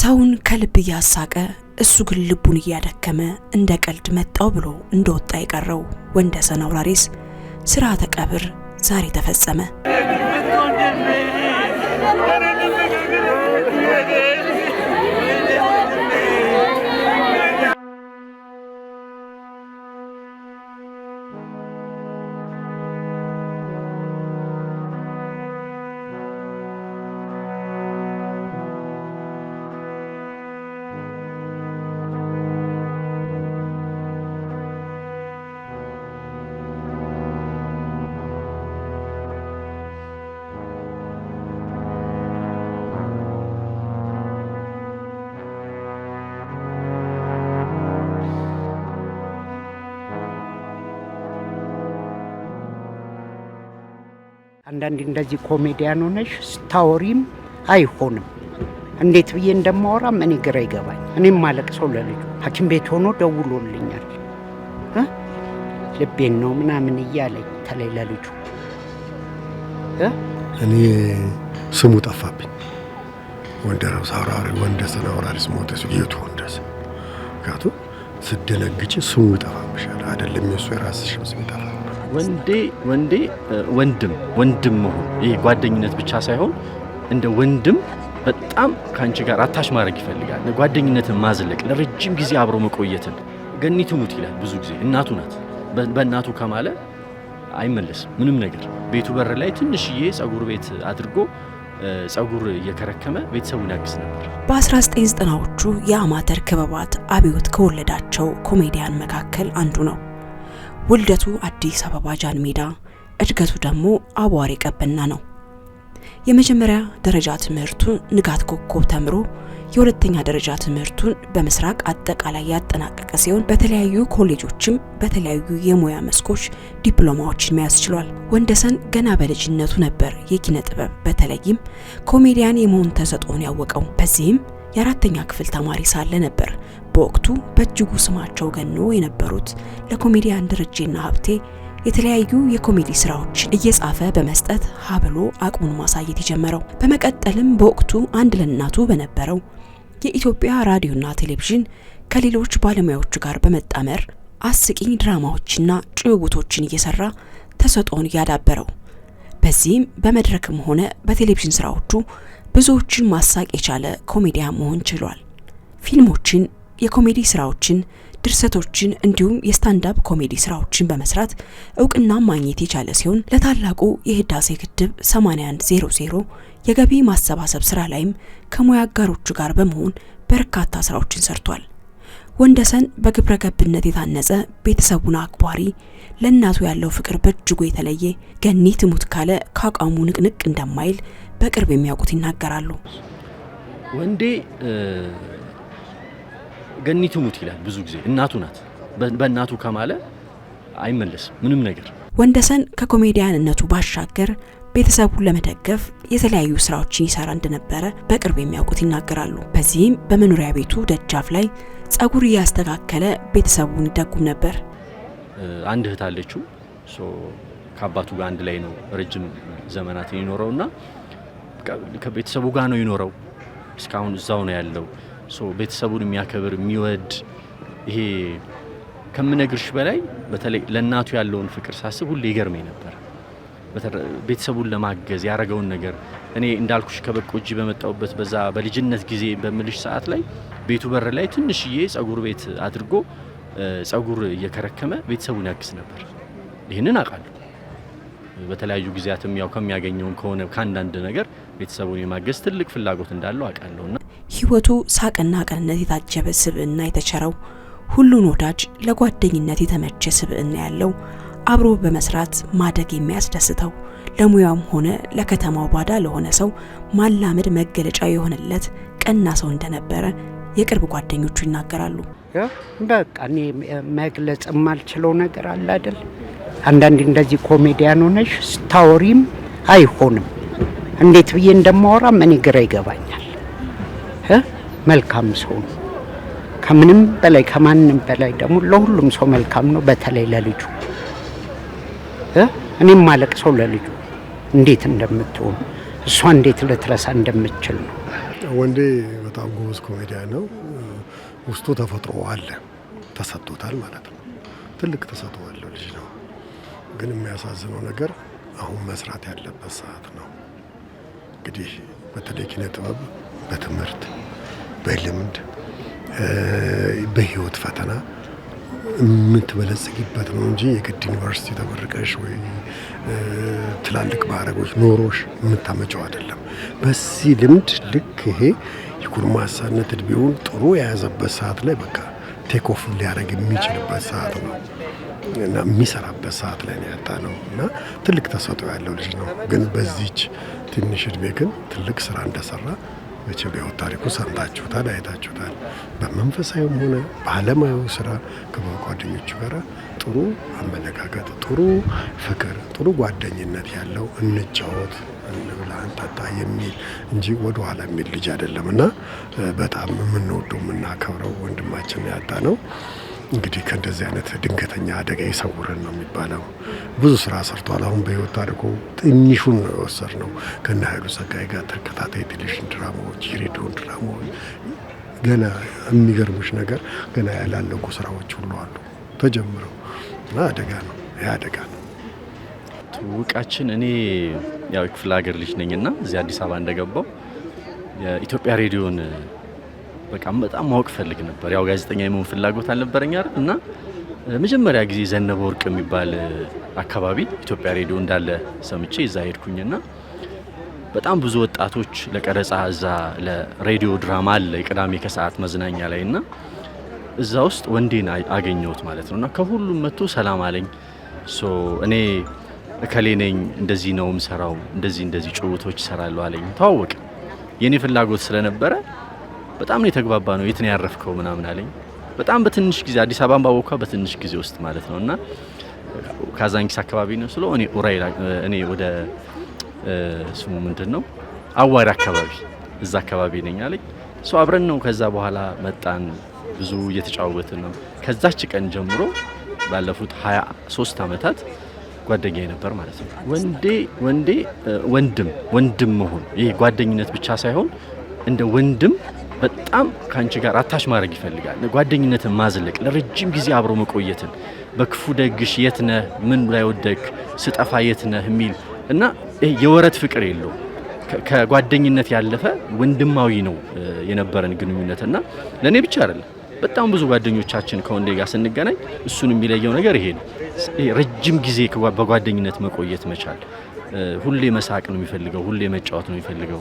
ሰውን ከልብ እያሳቀ እሱ ግን ልቡን እያደከመ እንደ ቀልድ መጣው ብሎ እንደወጣ የቀረው ወንደሰን አውራሪስ ስርዓተ ቀብር ዛሬ ተፈጸመ። አንዳንድ እንደዚህ ኮሜዲያን ሆነሽ ስታወሪም አይሆንም። እንዴት ብዬ እንደማወራም እኔ ግራ ይገባኝ። እኔም ማለቅ ሰው ለልጁ ሐኪም ቤት ሆኖ ደውሎልኛል። ልቤን ነው ምናምን እያለኝ ተለይ ለልጁ እኔ ስሙ ጠፋብኝ። ወንደረብ ሳውራሪ ወንደስ ናውራሪ ስሞተስ ቤቱ ወንደስ ጋቱ ስደነግጭ ስሙ ይጠፋብሻል። አይደለም የሱ የራስሽም ስም ይጠፋ ወንዴ ወንዴ ወንድም ወንድም መሆን ይሄ ጓደኝነት ብቻ ሳይሆን እንደ ወንድም በጣም ከአንቺ ጋር አታች ማድረግ ይፈልጋል። ጓደኝነትን ማዝለቅ፣ ለረጅም ጊዜ አብሮ መቆየትን ገኒቱ ሙት ይላል። ብዙ ጊዜ እናቱ ናት። በእናቱ ከማለ አይመለስም ምንም ነገር። ቤቱ በር ላይ ትንሽዬ ጸጉር ቤት አድርጎ ጸጉር እየከረከመ ቤተሰቡን ያግዝ ነበር። በ1990ዎቹ የአማተር ክበባት አብዮት ከወለዳቸው ኮሜዲያን መካከል አንዱ ነው። ውልደቱ አዲስ አበባ ጃን ሜዳ፣ እድገቱ ደግሞ አቧሬ ቀበና ነው። የመጀመሪያ ደረጃ ትምህርቱን ንጋት ኮከብ ተምሮ የሁለተኛ ደረጃ ትምህርቱን በምስራቅ አጠቃላይ ያጠናቀቀ ሲሆን በተለያዩ ኮሌጆችም በተለያዩ የሙያ መስኮች ዲፕሎማዎችን መያዝ ችሏል። ወንደሰን ገና በልጅነቱ ነበር የኪነ ጥበብ በተለይም ኮሜዲያን የመሆን ተሰጥኦን ያወቀው። በዚህም የአራተኛ ክፍል ተማሪ ሳለ ነበር በወቅቱ በእጅጉ ስማቸው ገኖ የነበሩት ለኮሜዲያን ደረጄና ሀብቴ የተለያዩ የኮሜዲ ስራዎች እየጻፈ በመስጠት ሀብሎ አቅሙን ማሳየት የጀመረው። በመቀጠልም በወቅቱ አንድ ለእናቱ በነበረው የኢትዮጵያ ራዲዮና ቴሌቪዥን ከሌሎች ባለሙያዎቹ ጋር በመጣመር አስቂኝ ድራማዎችና ጭውውቶችን እየሰራ ተሰጦን ያዳበረው። በዚህም በመድረክም ሆነ በቴሌቪዥን ስራዎቹ ብዙዎችን ማሳቅ የቻለ ኮሜዲያ መሆን ችሏል። ፊልሞችን፣ የኮሜዲ ስራዎችን፣ ድርሰቶችን እንዲሁም የስታንዳፕ ኮሜዲ ስራዎችን በመስራት እውቅና ማግኘት የቻለ ሲሆን ለታላቁ የህዳሴ ግድብ 8100 የገቢ ማሰባሰብ ስራ ላይም ከሙያ አጋሮቹ ጋር በመሆን በርካታ ስራዎችን ሰርቷል። ወንደሰን በግብረ ገብነት የታነጸ ቤተሰቡን አክባሪ፣ ለእናቱ ያለው ፍቅር በእጅጉ የተለየ ገኒ ትሙት ካለ ከአቋሙ ንቅንቅ እንደማይል በቅርብ የሚያውቁት ይናገራሉ። ወንዴ ገኒቱ ሙት ይላል። ብዙ ጊዜ እናቱ ናት። በእናቱ ከማለ አይመለስም ምንም ነገር። ወንደሰን ከኮሜዲያንነቱ ባሻገር ቤተሰቡን ለመደገፍ የተለያዩ ስራዎችን ይሰራ እንደነበረ በቅርብ የሚያውቁት ይናገራሉ። በዚህም በመኖሪያ ቤቱ ደጃፍ ላይ ጸጉር እያስተካከለ ቤተሰቡን ይደጉም ነበር። አንድ እህት አለችው። ከአባቱ ጋር አንድ ላይ ነው ረጅም ዘመናትን ይኖረውና ከቤተሰቡ ጋር ነው ይኖረው እስካሁን እዛው ነው ያለው። ቤተሰቡን የሚያከብር የሚወድ ይሄ ከምነግርሽ በላይ በተለይ ለእናቱ ያለውን ፍቅር ሳስብ ሁሌ ይገርመኝ ነበር። ቤተሰቡን ለማገዝ ያደረገውን ነገር እኔ እንዳልኩሽ ከበቆ እጅ በመጣውበት በዛ በልጅነት ጊዜ በምልሽ ሰዓት ላይ ቤቱ በር ላይ ትንሽዬ ጸጉር ቤት አድርጎ ጸጉር እየከረከመ ቤተሰቡን ያግዝ ነበር። ይህንን አውቃለሁ። በተለያዩ ጊዜያትም ያው ከሚያገኘውን ከሆነ ከአንዳንድ ነገር ቤተሰቡን የማገዝ ትልቅ ፍላጎት እንዳለው አውቃለሁና ህይወቱ ሳቅና ቀንነት የታጀበ ስብዕና የተቸረው ሁሉን ወዳጅ ለጓደኝነት የተመቸ ስብዕና ያለው አብሮ በመስራት ማደግ የሚያስደስተው ለሙያውም ሆነ ለከተማው ባዳ ለሆነ ሰው ማላመድ መገለጫ የሆነለት ቀና ሰው እንደነበረ የቅርብ ጓደኞቹ ይናገራሉ። በቃ እኔ መግለጽ የማልችለው ነገር አለ አይደል አንዳንድ እንደዚህ ኮሜዲያን ሆነሽ ስታወሪም አይሆንም። እንዴት ብዬ እንደማወራ እኔ ግራ ይገባኛል። መልካም ሰው ነው። ከምንም በላይ ከማንም በላይ ደግሞ ለሁሉም ሰው መልካም ነው። በተለይ ለልጁ እኔም ማለቅ ሰው ለልጁ እንዴት እንደምትሆን እሷ እንዴት ልትረሳ እንደምትችል ነው። ወንዴ በጣም ጎበዝ ኮሜዲያ ነው። ውስጡ ተፈጥሮ አለ ተሰጥቶታል ማለት ነው። ትልቅ ተሰጥቶ ልጅ ነው። ግን የሚያሳዝነው ነገር አሁን መስራት ያለበት ሰዓት ነው። እንግዲህ በተለይ ኪነ ጥበብ በትምህርት በልምድ በህይወት ፈተና የምትበለጽግበት ነው እንጂ የግድ ዩኒቨርሲቲ ተመርቀሽ ወይ ትላልቅ ማዕረጎች ኖሮሽ የምታመጨው አይደለም። በዚህ ልምድ ልክ ይሄ የጉርማሳነት እድሜውን ጥሩ የያዘበት ሰዓት ላይ በቃ ቴክ ኦፍ ሊያደርግ የሚችልበት ሰዓት ነው። እና የሚሰራበት ሰዓት ላይ ነው ያጣ ነው እና ትልቅ ተሰጥኦ ያለው ልጅ ነው። ግን በዚች ትንሽ እድሜ ግን ትልቅ ስራ እንደሰራ መቼም በሕይወት ታሪኩ ሰምታችሁታል፣ አይታችሁታል። በመንፈሳዊም ሆነ በአለማዊ ስራ ጓደኞቹ ጋር ጥሩ አመለካከት፣ ጥሩ ፍቅር፣ ጥሩ ጓደኝነት ያለው እንጫወት፣ እንብላ፣ እንጠጣ የሚል እንጂ ወደ ኋላ የሚል ልጅ አይደለም እና በጣም የምንወደው የምናከብረው ወንድማችን ያጣ ነው። እንግዲህ ከእንደዚህ አይነት ድንገተኛ አደጋ ይሰውረን ነው የሚባለው። ብዙ ስራ ሰርቷል። አሁን በህይወት አድርጎ ትንሹን ነው የወሰድነው። ከነ ኃይሉ ጸጋይ ጋር ተከታታይ ቴሌቪዥን ድራማዎች፣ የሬዲዮን ድራማዎች ገና የሚገርሙሽ ነገር ገና ያላለቁ ስራዎች ሁሉ አሉ ተጀምረው እና አደጋ ነው ያ አደጋ ነው። ትውቃችን እኔ ያው ክፍለ ሀገር ልጅ ነኝና እዚህ አዲስ አበባ እንደገባው የኢትዮጵያ ሬዲዮን በቃ በጣም ማወቅ ፈልግ ነበር። ያው ጋዜጠኛ የመሆን ፍላጎት አልነበረኝ አይደል እና መጀመሪያ ጊዜ ዘነበ ወርቅ የሚባል አካባቢ ኢትዮጵያ ሬዲዮ እንዳለ ሰምቼ እዛ ሄድኩኝና በጣም ብዙ ወጣቶች ለቀረጻ እዛ ለሬዲዮ ድራማ አለ የቅዳሜ ከሰዓት መዝናኛ ላይ እና እዛ ውስጥ ወንዴን አገኘሁት ማለት ነው እና ከሁሉም መጥቶ ሰላም አለኝ። እኔ እከሌ ነኝ፣ እንደዚህ ነው ምሰራው፣ እንደዚህ እንደዚህ ጭውቶች ይሰራሉ አለኝ። ተዋወቅ የእኔ ፍላጎት ስለነበረ በጣም ነው የተግባባ ነው የት ነው ያረፍከው ምናምን አለኝ። በጣም በትንሽ ጊዜ አዲስ አበባን ባወኳ በትንሽ ጊዜ ውስጥ ማለት ነው እና ካዛንኪስ አካባቢ ነው ስለ እኔ ኡራይል እኔ ወደ ስሙ ምንድን ነው አዋሪ አካባቢ እዛ አካባቢ ነኝ አለኝ። ሶ አብረን ነው ከዛ በኋላ መጣን ብዙ እየተጫወትን ነው። ከዛች ቀን ጀምሮ ባለፉት 23 ዓመታት ጓደኛ ነበር ማለት ነው። ወንዴ ወንዴ ወንድም ወንድም መሆን ይሄ ጓደኝነት ብቻ ሳይሆን እንደ ወንድም በጣም ከአንቺ ጋር አታች ማድረግ ይፈልጋል። ጓደኝነትን ማዝለቅ፣ ለረጅም ጊዜ አብሮ መቆየትን በክፉ ደግሽ የት ነህ ምን ላይ ወደክ ስጠፋ የት ነህ የሚል እና የወረት ፍቅር የለውም። ከጓደኝነት ያለፈ ወንድማዊ ነው የነበረን ግንኙነት እና ለእኔ ብቻ አይደለም በጣም ብዙ ጓደኞቻችን ከወንዴ ጋር ስንገናኝ እሱን የሚለየው ነገር ይሄ ነው። ረጅም ጊዜ በጓደኝነት መቆየት መቻል፣ ሁሌ መሳቅ ነው የሚፈልገው፣ ሁሌ መጫወት ነው የሚፈልገው።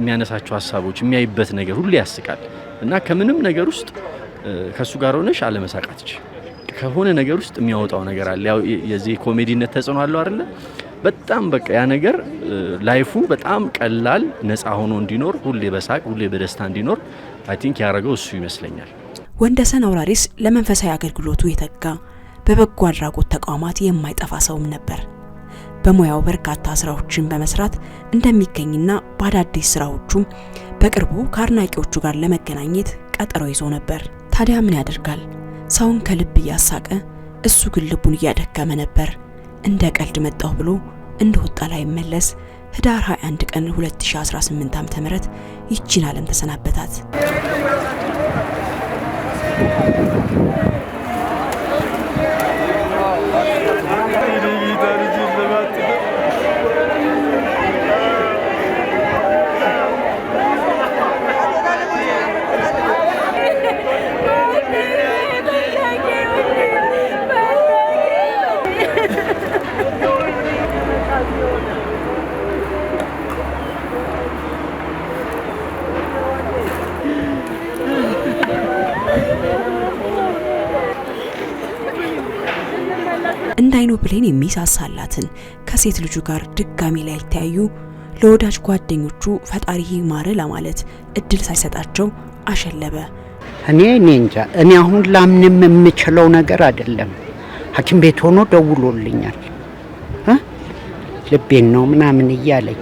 የሚያነሳቸው ሀሳቦች የሚያይበት ነገር ሁሉ ያስቃል እና ከምንም ነገር ውስጥ ከእሱ ጋር ሆነሽ አለመሳቃት ከሆነ ነገር ውስጥ የሚያወጣው ነገር አለ። ያው የዚህ ኮሜዲነት ተጽዕኖ አለው አይደለ? በጣም በቃ ያ ነገር ላይፉ በጣም ቀላል ነፃ ሆኖ እንዲኖር ሁሌ በሳቅ ሁሌ በደስታ እንዲኖር አይ ቲንክ ያደረገው እሱ ይመስለኛል። ወንደሰን አውራሪስ ለመንፈሳዊ አገልግሎቱ የተጋ በበጎ አድራጎት ተቋማት የማይጠፋ ሰውም ነበር። በሙያው በርካታ ስራዎችን በመስራት እንደሚገኝና በአዳዲስ ስራዎቹም በቅርቡ ከአድናቂዎቹ ጋር ለመገናኘት ቀጠሮ ይዞ ነበር። ታዲያ ምን ያደርጋል፣ ሰውን ከልብ እያሳቀ እሱ ግን ልቡን እያደከመ ነበር። እንደ ቀልድ መጣሁ ብሎ እንደወጣ ላይመለስ ህዳር 21 ቀን 2018 ዓ.ም ይቺን ዓለም ተሰናበታት። እንደ አይኖ ብሌን የሚሳሳላትን ከሴት ልጁ ጋር ድጋሚ ላይተያዩ ለወዳጅ ጓደኞቹ ፈጣሪ ማረ ለማለት እድል ሳይሰጣቸው አሸለበ። እኔ እኔ እንጃ እኔ አሁን ላምንም የምችለው ነገር አይደለም። ሐኪም ቤት ሆኖ ደውሎልኛል። ልቤን ነው ምናምን እያለኝ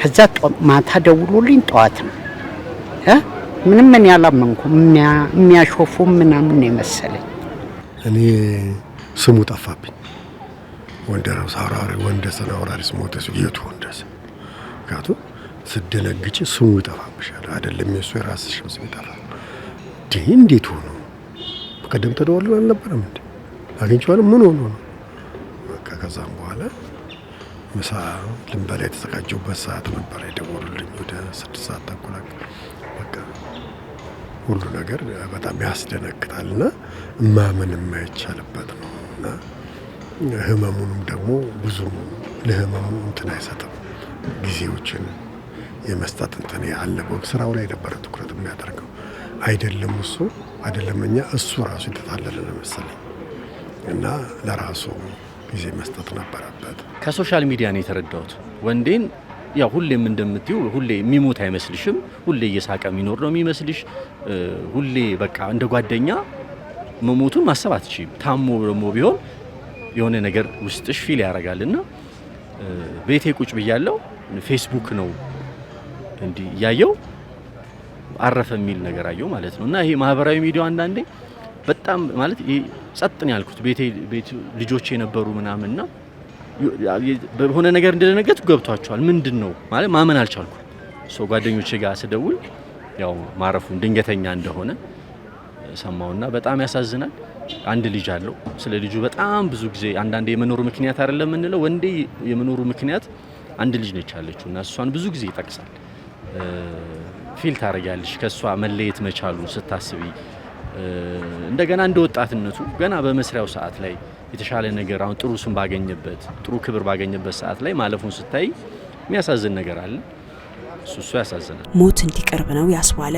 ከዛ ማታ ደውሎልኝ ጠዋት ነው ምንም እኔ አላመንኩም። የሚያሾፉ ምናምን የመሰለኝ እኔ ስሙ ጠፋብኝ። ወንደረብስ አውራሪ ወንደሰን አውራሪስ ሞተስ የቱ ወንደሰ ካቱ ስደነግጭ ስሙ ይጠፋብሻል አይደለም የሱ የራስሽም ስም ይጠፋ። ይህ እንዴት ሆኖ በቀደም ተደዋሉ አልነበረም እንዴ? አግኝቼዋለሁ። ምን ሆኖ ነው? በቃ ከዛም በኋላ ምሳ ልንበላ የተዘጋጀውበት ሰዓት ነበር። የደወሉልኝ ወደ ስድስት ሰዓት ተኩል በቃ ሁሉ ነገር በጣም ያስደነግጣልና ማመን የማይቻልበት ነው። እና ህመሙንም ደግሞ ብዙም ለህመሙ እንትን አይሰጥም። ጊዜዎችን የመስጠት እንትን አለበው ስራው ላይ ነበረ ትኩረት የሚያደርገው አይደለም እሱ አይደለም እኛ እሱ ራሱ የተታለለ ነው መሰለኝ እና ለራሱ ጊዜ መስጠት ነበረበት። ከሶሻል ሚዲያ ነው የተረዳሁት ወንዴን ያው ሁሌም እንደምትዩ ሁሌ የሚሞት አይመስልሽም። ሁሌ እየሳቀ የሚኖር ነው የሚመስልሽ። ሁሌ በቃ እንደ ጓደኛ መሞቱን ማሰብ አትችም። ታሞ ደግሞ ቢሆን የሆነ ነገር ውስጥሽ ፊል ያደርጋል እና ቤቴ ቁጭ ብያለው ፌስቡክ ነው እንዲህ እያየው አረፈ የሚል ነገር አየው ማለት ነው። እና ይሄ ማህበራዊ ሚዲያው አንዳንዴ በጣም ማለት ጸጥን ያልኩት ቤቴ ቤት ልጆች የነበሩ ምናምንና በሆነ ነገር እንደደነገጥ ገብቷቸዋል። ምንድን ነው ማለት ማመን አልቻልኩም። ጓደኞቼ ጋር ስደውል ያው ማረፉን ድንገተኛ እንደሆነ ሰማውና በጣም ያሳዝናል። አንድ ልጅ አለው። ስለ ልጁ በጣም ብዙ ጊዜ አንዳንዴ የመኖሩ ምክንያት አይደለም የምንለው ወንዴ የመኖሩ ምክንያት አንድ ልጅ ነች ያለችው እና እሷን ብዙ ጊዜ ይጠቅሳል። ፊል ታደርጊያለሽ ከእሷ መለየት መቻሉን ስታስቢ እንደገና እንደ ወጣትነቱ ገና በመስሪያው ሰዓት ላይ የተሻለ ነገር አሁን ጥሩ ስም ባገኘበት ጥሩ ክብር ባገኘበት ሰዓት ላይ ማለፉን ስታይ የሚያሳዝን ነገር አለ። እሱ እሱ ያሳዝናል። ሞት እንዲቀርብ ነው ያስባለ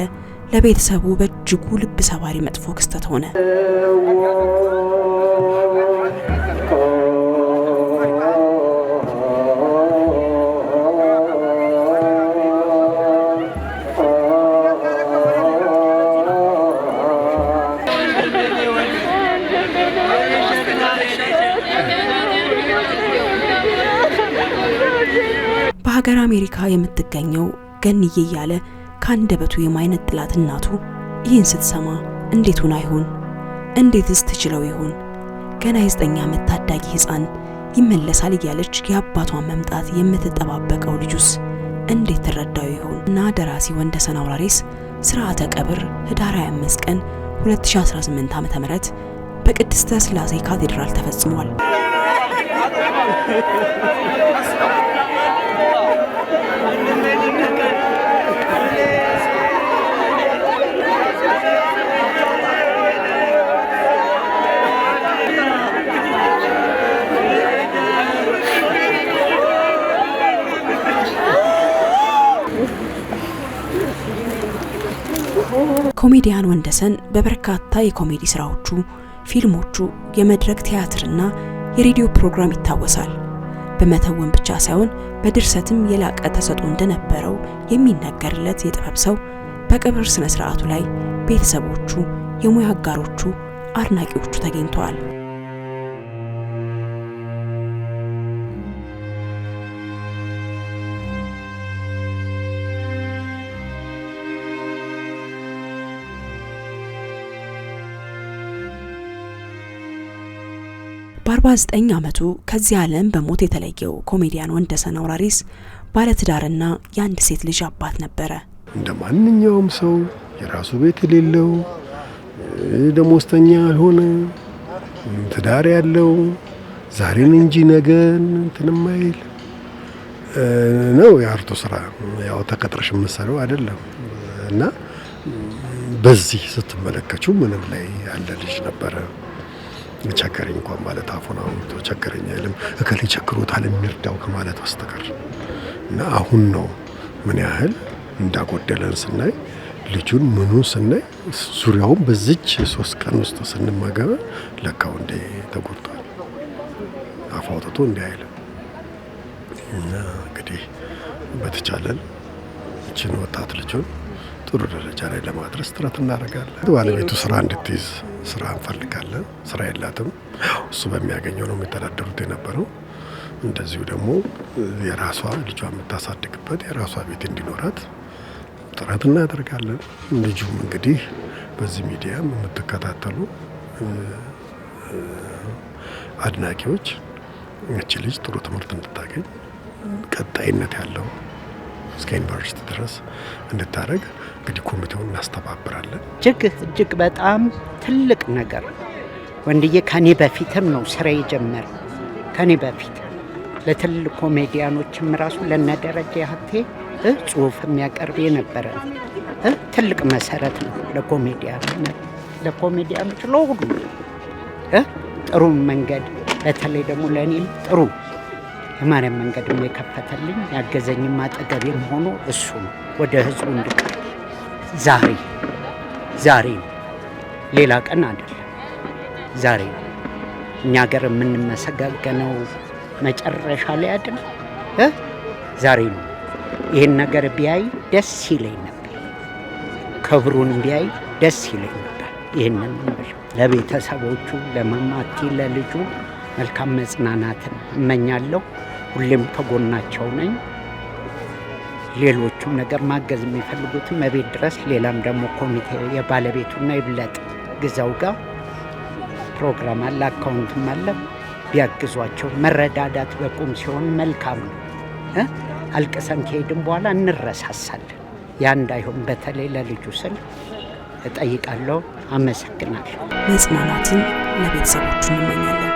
ለቤተሰቡ በ በእጅጉ ልብ ሰባሪ መጥፎ ክስተት ሆነ። በሀገር አሜሪካ የምትገኘው ገንዬ እያለ ከአንደበቱ የማይነጥላት እናቱ ይህን ስትሰማ እንዴት ሆና ይሆን? እንዴትስ ትችለው ይሆን? ገና የዘጠኝ ዓመት ታዳጊ ሕፃን ይመለሳል እያለች የአባቷን መምጣት የምትጠባበቀው ልጁስ እንዴት ትረዳው ይሆን? እና ደራሲ ወንደሰን አውራሪስ ስርዓተ ቀብር ህዳር 25 ቀን 2018 ዓ.ም በቅድስተ ስላሴ ካቴድራል ተፈጽሟል። ኮሜዲያን ወንደሰን በበርካታ የኮሜዲ ስራዎቹ፣ ፊልሞቹ፣ የመድረክ ቲያትርና የሬዲዮ ፕሮግራም ይታወሳል። በመተወን ብቻ ሳይሆን በድርሰትም የላቀ ተሰጥኦ እንደነበረው የሚነገርለት የጥበብ ሰው በቀብር ስነ ስርዓቱ ላይ ቤተሰቦቹ፣ የሙያ አጋሮቹ፣ አድናቂዎቹ ተገኝተዋል። በ49 ዓመቱ ከዚህ ዓለም በሞት የተለየው ኮሜዲያን ወንደሰን አውራሪስ ባለትዳርና የአንድ ሴት ልጅ አባት ነበረ። እንደ ማንኛውም ሰው የራሱ ቤት የሌለው ደሞዝተኛ ያልሆነ ትዳር ያለው ዛሬን እንጂ ነገን እንትን ነው የአርቶ ስራ ያው ተቀጥረሽ የምትሰሪው አይደለም እና በዚህ ስትመለከቹ ምንም ላይ ያለ ልጅ ነበረ። ቸገረኝ እንኳን ማለት አፉን አውጥቶ ቸገረኝ አይልም። እከሌ ቸግሮታል የሚርዳው ከማለት በስተቀር እና አሁን ነው ምን ያህል እንዳጎደለን ስናይ ልጁን ምኑን ስናይ ዙሪያውን በዚች ሶስት ቀን ውስጥ ስንመገበ ለካው እንደ ተጎድቷል አፍ አውጥቶ እንዲ አይልም። እና እንግዲህ በተቻለን እችን ወጣት ልጁን ጥሩ ደረጃ ላይ ለማድረስ ጥረት እናደርጋለን። ባለቤቱ ስራ እንድትይዝ ስራ እንፈልጋለን። ስራ የላትም። እሱ በሚያገኘው ነው የሚተዳደሩት የነበረው። እንደዚሁ ደግሞ የራሷ ልጇ የምታሳድግበት የራሷ ቤት እንዲኖራት ጥረት እናደርጋለን። ልጁም እንግዲህ በዚህ ሚዲያም የምትከታተሉ አድናቂዎች እቺ ልጅ ጥሩ ትምህርት እንድታገኝ ቀጣይነት ያለው እስከ ዩኒቨርሲቲ ድረስ እንድታደረግ እንግዲህ ኮሚቴውን እናስተባብራለን። እጅግ እጅግ በጣም ትልቅ ነገር ወንድዬ ከኔ በፊትም ነው ስራ የጀመረ ከኔ በፊት ለትልቅ ኮሜዲያኖችም ራሱ ለነደረጀ ያህቴ ጽሁፍ የሚያቀርብ የነበረ ትልቅ መሰረት ነው ለኮሜዲያ ለኮሜዲያኖች ለሁሉ ጥሩ መንገድ በተለይ ደግሞ ለእኔም ጥሩ የማርያም መንገድም የከፈተልኝ ያገዘኝም አጠገቤም ሆኖ እሱ ነው። ወደ ህዝቡ እንድቀር ዛሬ ዛሬ ነው፣ ሌላ ቀን አይደለም። ዛሬ ነው እኛ ሀገር የምንመሰጋገነው መጨረሻ ላይ አድም ዛሬ ነው። ይህን ነገር ቢያይ ደስ ይለኝ ነበር፣ ክብሩን ቢያይ ደስ ይለኝ ነበር። ይህንን ለቤተሰቦቹ ለመማቲ ለልጁ መልካም መጽናናትን እመኛለሁ። ሁሌም ከጎናቸው ነኝ። ሌሎቹም ነገር ማገዝ የሚፈልጉትም መቤት ድረስ ሌላም ደግሞ ኮሚቴ የባለቤቱና ይብለጥ ግዛው ጋር ፕሮግራም አለ፣ አካውንትም አለ። ቢያግዟቸው መረዳዳት በቁም ሲሆን መልካም ነው። አልቅሰን ከሄድም በኋላ እንረሳሳለን። ያ እንዳይሆን በተለይ ለልጁ ስል እጠይቃለሁ። አመሰግናለሁ። መጽናናትን ለቤተሰቦቹ እንመኛለን።